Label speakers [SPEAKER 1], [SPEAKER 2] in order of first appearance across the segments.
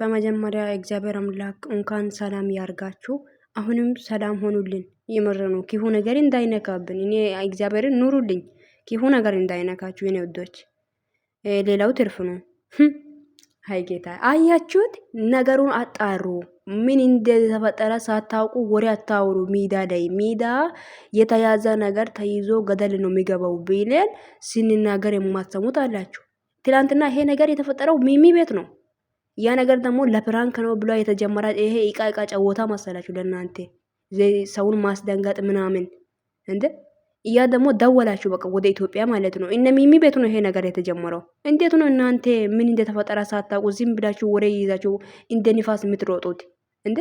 [SPEAKER 1] በመጀመሪያ እግዚአብሔር አምላክ እንኳን ሰላም ያርጋችሁ። አሁንም ሰላም ሆኑልን። የምር ነው። ክፉ ነገር እንዳይነካብን እኔ እግዚአብሔርን ኑሩልኝ። ክፉ ነገር እንዳይነካችሁ የኔ ውዶች፣ ሌላው ትርፍ ነው። ሀይ ጌታ አያችሁት? ነገሩን አጣሩ። ምን እንደተፈጠረ ሳታውቁ ወሬ አታውሩ። ሜዳ ላይ ሜዳ የተያዘ ነገር ተይዞ ገደል ነው የሚገባው ብለን ስንናገር የማትሰሙት አላችሁ። ትላንትና ይሄ ነገር የተፈጠረው ሚሚ ቤት ነው። ያ ነገር ደግሞ ለፕራንክ ነው ብሎ የተጀመረ ይሄ እቃ እቃ ጨዋታ መሰላችሁ ለእናንተ ሰውን ማስደንገጥ ምናምን እንደ ያ ደግሞ ደወላችሁ በቃ ወደ ኢትዮጵያ ማለት ነው። እነ ሚሚ ቤት ነው ይሄ ነገር የተጀመረው። እንዴት ነው እናንተ ምን እንደተፈጠረ ሳታውቁ ዝም ብላችሁ ወሬ ይዛችሁ እንደ ንፋስ የምትሮጡት? እንደ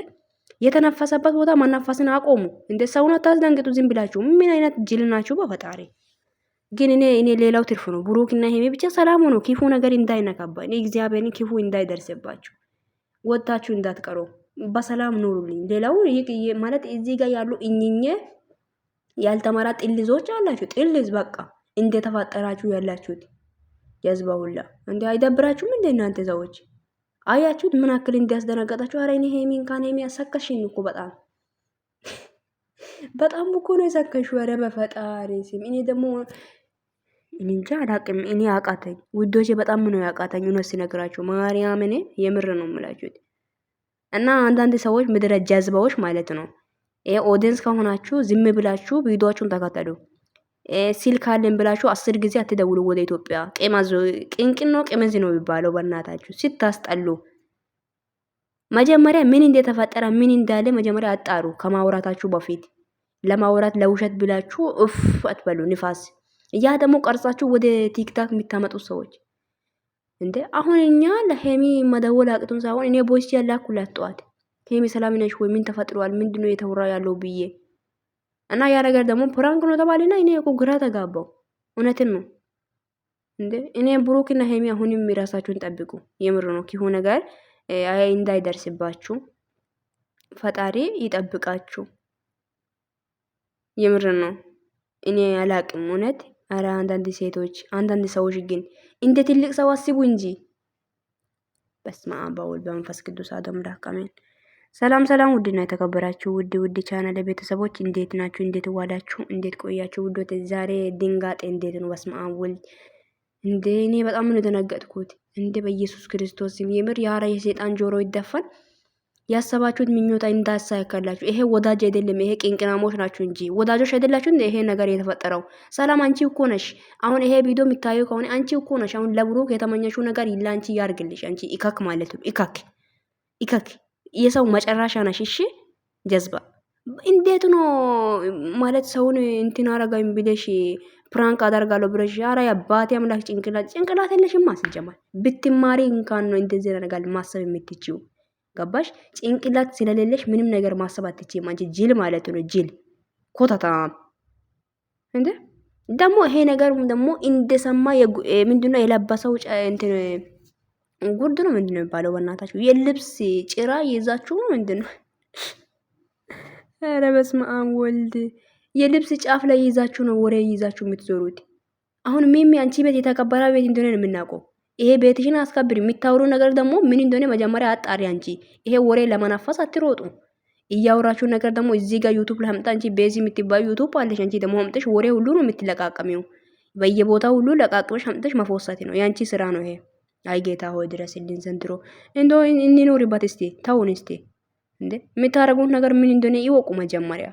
[SPEAKER 1] የተነፈሰበት ቦታ ማናፋስን አቆሙ። እንደ ሰውን አታስደንግጡ ዝም ብላችሁ። ምን አይነት ጅል ናችሁ በፈጣሪ። ግን እኔ እኔ ሌላው ትርፍ ነው። ብሩክና ሄሜ ብቻ ሰላም ሆኖ ክፉ ነገር እንዳይነካባ እኔ እግዚአብሔርን ክፉ እንዳይደርስባችሁ ወጣችሁ እንዳትቀሩ በሰላም ኑሩልኝ። ሌላው ማለት እዚህ ጋር ያሉ እኝኜ ያልተመራ ጥልዞች አላችሁ። ጥልዝ በቃ እንደተፋጠራችሁ ያላችሁት የህዝባ እንዲ አይደብራችሁም? እንደ እናንተ ሰዎች አያችሁት ምን አክል እንዲያስደነገጣችሁ። አረ እኔ ሄሜን ካን ሄሜ ያሳከሽኝ እኮ በጣም በጣም እኮ ነው የሰከሹ። ኧረ በፈጣሪ ስም እኔ ደግሞ እንጃ አላቅም። እኔ አቃተኝ ውዶቼ፣ በጣም ነው ያቃተኝ። እውነት ሲነግራችሁ ማርያምን የምር ነው የምላችሁት። እና አንዳንድ ሰዎች ምድረ ጃዝባዎች ማለት ነው። ይሄ ኦዲየንስ ከሆናችሁ ዝም ብላችሁ ቪዲዮችሁን ተከተሉ። ሲል አለን ብላችሁ አስር ጊዜ አትደውሉ ወደ ኢትዮጵያ። ቅንቅን ነው ቅምዝ ነው የሚባለው በእናታችሁ ስታስጠሉ። መጀመሪያ ምን እንደተፈጠረ ምን እንዳለ መጀመሪያ አጣሩ ከማውራታችሁ በፊት። ለማውራት ለውሸት ብላችሁ እፍ አትበሉ ንፋስ ያ ደግሞ ቀርጻችሁ ወደ ቲክታክ የምታመጡት ሰዎች እንዴ! አሁን እኛ ለሄሚ መደወል አቅቱን ሳይሆን እኔ ቦይስ ያላኩላት ጠዋት ሄሚ ሰላም ነሽ ወይ? ምን ተፈጥሯል? ምንድነው የተወራ ያለው ብዬ እና ያ ነገር ደግሞ ፕራንክ ነው ተባለና እኔ እኮ ግራ ተጋባው። እውነትን ነው እንዴ! እኔ ብሩክና ሄሚ አሁንም ራሳችሁን ጠብቁ። የምር ነው ኪሁ ነገር አይ እንዳይደርስባችሁ ፈጣሪ ይጠብቃችሁ። የምር ነው። እኔ አላቅም እውነት አረ አንዳንድ ሴቶች አንዳንድ ሰዎች ግን እንደ ትልቅ ሰው አስቡ እንጂ። በስመ አብ በወልድ በመንፈስ ቅዱስ አሐዱ አምላክ አሜን። ሰላም ሰላም፣ ውድና የተከበራችሁ ውድ ውድ ቻናል ቤተሰቦች እንዴት ናችሁ? እንዴት ዋላችሁ? እንዴት ቆያችሁ? ውዶት ዛሬ ድንጋጤ እንዴት ነው! በስመ አብ ወልድ እንዴ! እኔ በጣም ነው የተነገጥኩት። እንዴ በኢየሱስ ክርስቶስ የምር የአራ የሴጣን ጆሮ ይደፋል። ያሰባችሁት ምኞታ እንዳሳካላችሁ። ይሄ ወዳጅ አይደለም፣ ይሄ ቅንቅናሞች ናችሁ እንጂ ወዳጆች አይደላችሁ። ይሄ ነገር የተፈጠረው ሰላም፣ አንቺ እኮ ነሽ። አሁን ይሄ ቪዲዮ የሚታየው ከሆነ አንቺ እኮ ነሽ። አሁን ለብሩክ የተመኘሽው ነገር ይላ አንቺ ያርግልሽ። አንቺ ኢካክ ማለት ነው። ኢካክ ኢካክ፣ የሰው መጨረሻ ነሽ። እሺ ጀዝባ እንዴት ነው ማለት ሰውን እንትን አረጋኝ ብለሽ ፕራንክ አደርጋለሁ ብለሽ አራ የአባቴ አምላክ ጭንቅላት ጭንቅላት የለሽማ። ሲጀመር ብትማሪ እንኳን ነው እንደዚህ ነገር ማሰብ የምትችው። ገባሽ? ጭንቅላት ስለሌለሽ ምንም ነገር ማሰብ አትችም። አንቺ ጅል ማለት ነው። ጅል ኮታታ እንዴ! ደግሞ ይሄ ነገር ደግሞ እንደሰማ ምንድነው የለበሰው? ጉርድ ነው ምንድነው የሚባለው? በእናታችሁ የልብስ ጭራ ይዛችሁ ምንድነው? ኧረ በስመ አብ ወልድ የልብስ ጫፍ ላይ ይዛችሁ ነው ወሬ ይዛችሁ የምትዞሩት። አሁን ሚሚ አንቺ ቤት የተከበረ ቤት እንደሆነ ነው የምናውቀው። ይሄ ቤትሽን አስከብር። የሚታወሩ ነገር ደግሞ ምን እንደሆነ መጀመሪያ አጣሪ አንቺ። ይሄ ወሬ ለመናፈስ አትሮጡ። እያወራችሁ ነገር ደግሞ እዚህ ጋር ዩቱብ ለምጣ አንቺ ቤዚ የምትባዩ ዩቱብ አለሽ። አንቺ ደግሞ ምጥሽ ወሬ ሁሉ ነው የምትለቃቀሚው። በየቦታ ሁሉ ለቃቅመሽ አምጥሽ መፎሰት ነው የአንቺ ስራ ነው ይሄ። አይ ጌታ ሆይ ድረስልን ዘንድሮ። እንዶ እንኖርባት እስቲ ተውን እስቲ። እንደ የምታረጉት ነገር ምን እንደሆነ ይወቁ መጀመሪያ።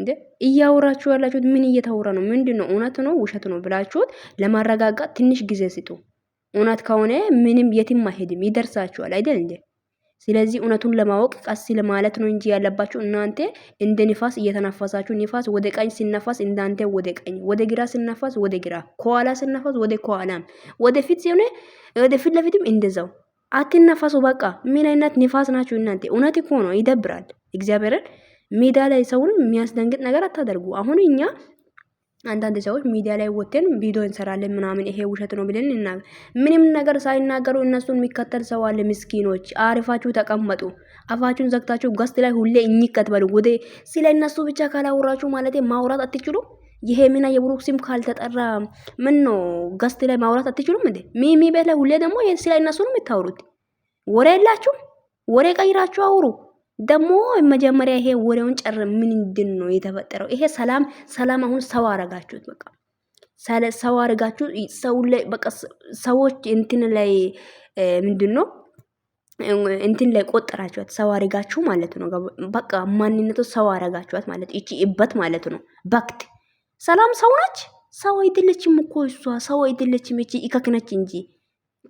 [SPEAKER 1] እንደ እያወራችሁ ያላችሁት ምን እየተወራ ነው? ምንድን ነው እውነት ነው ውሸት ነው ብላችሁት ለማረጋጋት ትንሽ ጊዜ ስጡ። እውነት ከሆነ ምንም የትም አይሄድም፣ ይደርሳችኋል አይደል እንዴ? ስለዚህ እውነቱን ለማወቅ ቀስ ለማለት ነው እንጂ ያለባችሁ እናንተ እንደ ንፋስ እየተነፈሳችሁ፣ ንፋስ ወደ ቀኝ ሲነፋስ እንዳንተ ወደ ቀኝ፣ ወደ ግራ ሲነፋስ ወደ ግራ፣ ከኋላ ሲነፋስ ወደ ከኋላም፣ ወደ ፊት ሲሆነ ወደ ፊት ለፊትም እንደዛው አትነፋሱ። በቃ ምን አይነት ንፋስ ናችሁ እናንተ? እውነት እኮ ነው፣ ይደብራል። እግዚአብሔርን ሜዳ ላይ ሰውን የሚያስደንግጥ ነገር አታደርጉ። አሁን እኛ አንዳንድ ሰዎች ሚዲያ ላይ ወጥተን ቪዲዮ እንሰራለን ምናምን ይሄ ውሸት ነው ብለን እናገ ምንም ነገር ሳይናገሩ እነሱን የሚከተል ሰው አለ። ምስኪኖች አሪፋችሁ ተቀመጡ፣ አፋችሁን ዘግታችሁ ጋስት ላይ ሁሌ እኝከትበሉ ወደ ስለ እነሱ ብቻ ካላወራችሁ ማለት ማውራት አትችሉ። ይሄ ሚና የብሩክ ስም ካልተጠራ ምን ነው ጋስት ላይ ማውራት አትችሉም እንዴ? ሚሚ ቤት ላይ ሁሌ ደግሞ ስለ እነሱ ነው የምታወሩት። ወሬ የላችሁ? ወሬ ቀይራችሁ አውሩ። ደግሞ መጀመሪያ ይሄ ወሬውን ጨር ምንድን ነው የተፈጠረው? ይሄ ሰላም ሰላም አሁን ሰው አረጋችሁት። በቃ ሰው አረጋችሁ። ሰው ላይ በቃ ሰዎች እንትን ላይ ምንድን ነው እንትን ላይ ቆጠራችኋት። ሰው አረጋችሁ ማለት ነው። በቃ ማንነቱ ሰው አረጋችኋት ማለት እቺ እበት ማለት ነው። በክት ሰላም ሰው ናች። ሰው አይደለችም እኮ እሷ ሰው አይደለችም። እቺ ይከክነች እንጂ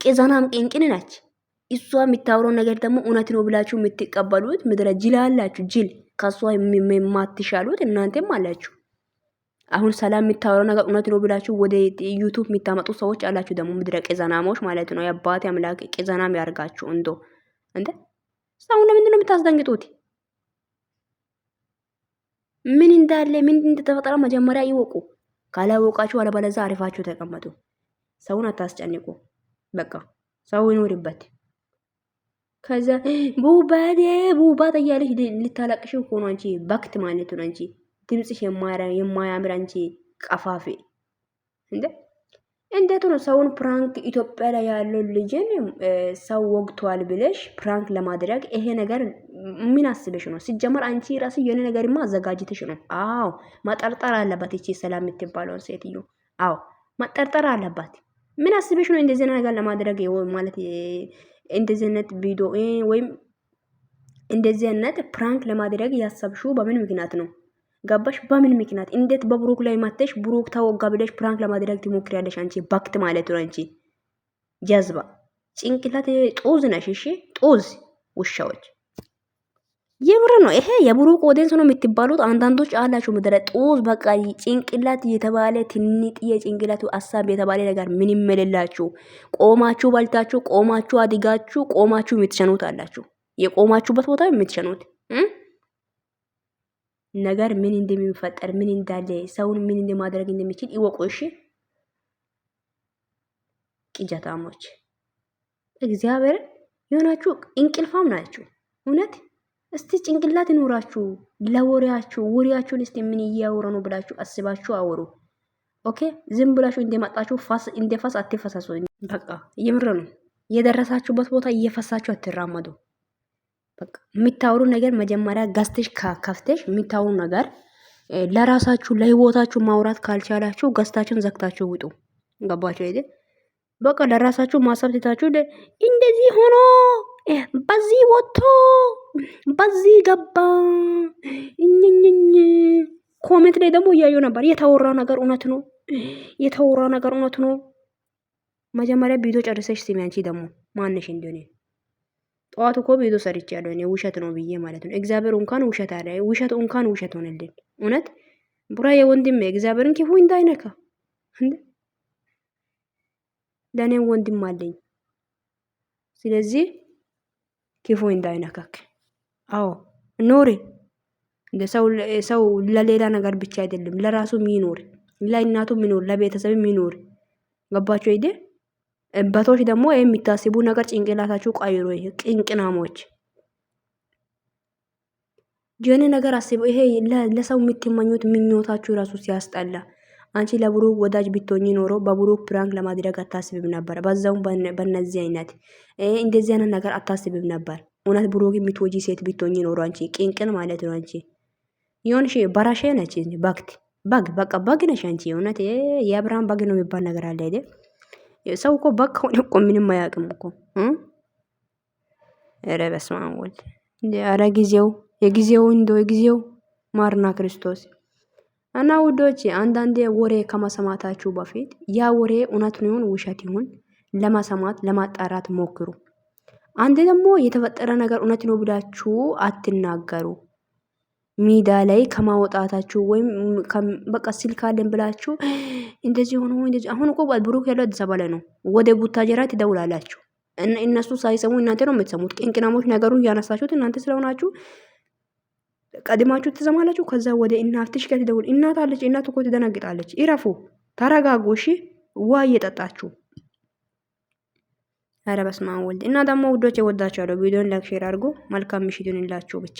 [SPEAKER 1] ቄዛናም ቄንቅን ናች። እሷ የምታውረው ነገር ደግሞ እውነት ነው ብላችሁ የምትቀበሉት ምድረ ጅል አላችሁ። ጅል ከእሷ የማትሻሉት እናንተም አላችሁ። አሁን ሰላም የምታወራው ነገር እውነት ነው ብላችሁ ወደ ዩቱብ የሚታመጡ ሰዎች አላችሁ። ደግሞ ምድረ ቅዘናማዎች ማለት ነው። የአባት አምላክ ቅዘናም ያርጋችሁ። እንዶ እንደ አሁን ለምንድን ነው የምታስደንግጡት? ምን እንዳለ ምን እንደተፈጠረ መጀመሪያ ይወቁ። ካላወቃችሁ አለባለዛ አሪፋችሁ ተቀመጡ። ሰውን አታስጨንቁ። በቃ ሰው ይኖርበት። ከዛ ቡባዴ ቡባጥ እያለሽ ልታለቅሽ እኮ አንቺ። ባክት ማለት ነው አንቺ። ድምጽሽ የማያምር አንቺ ቀፋፊ እንደ እንዴት ነው ሰውን ፕራንክ ኢትዮጵያ ላይ ያለው ልጅን ሰው ወግቷል ብለሽ ፕራንክ ለማድረግ ይሄ ነገር ምን አስበሽ ነው? ሲጀመር አንቺ ራስ የሆነ ነገርማ አዘጋጅተሽ ነው። አዎ ማጠርጠር አለባት ይቺ ሰላም የምትባለውን ሴትዮ። አዎ ማጠርጠር አለባት። ምን አስበሽ ነው እንደዚህ ነገር ለማድረግ ማለት እንደዚህ አይነት ቪዲዮ ወይም እንደዚህ አይነት ፕራንክ ለማድረግ ያሰብሽው በምን ምክንያት ነው? ገባሽ? በምን ምክንያት እንዴት በብሩክ ላይ ማተሽ ብሩክ ተወጋ ብለሽ ፕራንክ ለማድረግ ትሞክሪያለሽ? አንቺ ባክት ማለት ነው። አንቺ ጀዝባ ጭንቅላት ጦዝ ነሽ። እሺ ጦዝ ውሻዎች የምር ነው። ይሄ የብሩክ ኦዲየንስ ነው የምትባሉት አንዳንዶች አላችሁ ምድረ ጦዝ በቃ ጭንቅላት የተባለ ትንጥ የጭንቅላት አሳብ የተባለ ነገር ምንም የሌላችሁ ቆማችሁ በልታችሁ፣ ቆማችሁ አድጋችሁ፣ ቆማችሁ የምትሸኑት አላችሁ። የቆማችሁበት ቦታ የምትሸኑት ነገር ምን እንደሚፈጠር ምን እንዳለ ሰውን ምን እንደማድረግ እንደሚችል ይወቁ። እሺ ቅጃታሞች እግዚአብሔርን የሆናችሁ እንቅልፋም ናችሁ እውነት እስቲ ጭንቅላት ይኑራችሁ ለወሬያችሁ። ወሬያችሁን እስቲ ምን እያወሩ ነው ብላችሁ አስባችሁ አወሩ። ኦኬ ዝም ብላችሁ እንደመጣችሁ ፋስ እንደ ፋስ አትፈሳሱ። በቃ የምር ነው። የደረሳችሁበት ቦታ እየፈሳችሁ አትራመዱ። በቃ የምታወሩ ነገር መጀመሪያ ጋስተሽ ካፍተሽ የምታወሩ ነገር ለራሳችሁ ለህይወታችሁ ማውራት ካልቻላችሁ ገዝታችሁን ዘግታችሁ ውጡ። ገባችሁ አይደል? በቃ ለራሳችሁ ማሰብ ትታችሁ እንደዚህ ሆኖ በዚህ ወጥቶ በዚህ ገባ እኝኝኝ ኮሜንት ላይ ደግሞ እያየው ነበር። የተወራ ነገር እውነት ነው። የተወራ ነገር እውነት ነው። መጀመሪያ ቪዲዮ ጨርሰሽ ስሚ። አንቺ ደግሞ ማነሽ እንደሆነ ጠዋት እኮ ቪዲዮ ሰርች ያለው እኔ ውሸት ነው ብዬ ማለት ነው። እግዚአብሔር እንኳን ውሸት አለ ውሸት እንኳን ውሸት ሆነልን። እውነት ቡራ የወንድሜ እግዚአብሔርን ክፉ እንዳይነካ ለእኔም ወንድም አለኝ። ስለዚህ ክፉ እንዳይነካክ። አዎ ኖሪ። እንደ ሰው ለሌላ ነገር ብቻ አይደለም፣ ለራሱ ሚኖር፣ ለእናቱ ሚኖር፣ ለቤተሰብ ሚኖር። ገባችሁ አይደ? እበቶች ደግሞ የሚታስቡ ነገር ጭንቅላታችሁ ቀይሮ ቅንቅናሞች የሆነ ነገር አስበው። ይሄ ለሰው የምትመኙት ምኞታችሁ ራሱ ሲያስጠላ አንቺ ለብሩክ ወዳጅ ብትሆኚ ኖሮ በብሩክ ፕራንክ ለማድረግ አታስብም ነበር። በዛውም በነዚህ አይነት እንደዚህ አይነት ነገር አታስብም ነበር። እውነት ብሩክ የምትወጂ ሴት ብትሆኚ ኖሮ አንቺ ቅንቅን ማለት ነው። አንቺ ይሁንሽ በራሽ ነች ባክት በግ በቃ በግ ነሽ አንቺ። እውነት የአብርሃም በግ ነው የሚባል ነገር አለ አይደል? ሰው እኮ በግ ከሆነ እኮ ምንም አያውቅም እኮ። ኧረ በስመ አብ ወልድ። ኧረ ጊዜው የጊዜው እንደው የጊዜው ማርና ክርስቶስ እና ውዶች አንዳንዴ ወሬ ከመሰማታችሁ በፊት ያ ወሬ እውነቱን ይሁን ውሸት ይሁን ለመሰማት ለማጣራት ሞክሩ። አንድ ደግሞ የተፈጠረ ነገር እውነት ነው ብላችሁ አትናገሩ። ሚዳ ላይ ከማውጣታችሁ ወይም በቃ ስልክ አለን ብላችሁ እንደዚህ ሆኖ እንደዚህ አሁን እኮ ብሩክ ያለው አዲስ አበባ ላይ ነው። ወደ ቡታጀራ ትደውላላችሁ። እነሱ ሳይሰሙ እናንተ ነው የምትሰሙት። ቅንቅናሞች ነገሩን እያነሳችሁት እናንተ ስለሆናችሁ ቀድማችሁ ትሰማላችሁ። ከዛ ወደ እናትሽ ጋር ትደውል። እናት አለች። እናት እኮ ትደነግጣለች። ይረፉ፣ ተረጋጉ። እሺ ዋ እየጠጣችሁ ኧረ በስመ አብ ወልድ እና ደግሞ ውዶች የወዳችሁ ያለው ቪዲዮን ላይክ ሼር አድርጎ መልካም ምሽቱን ይላችሁ ብቻ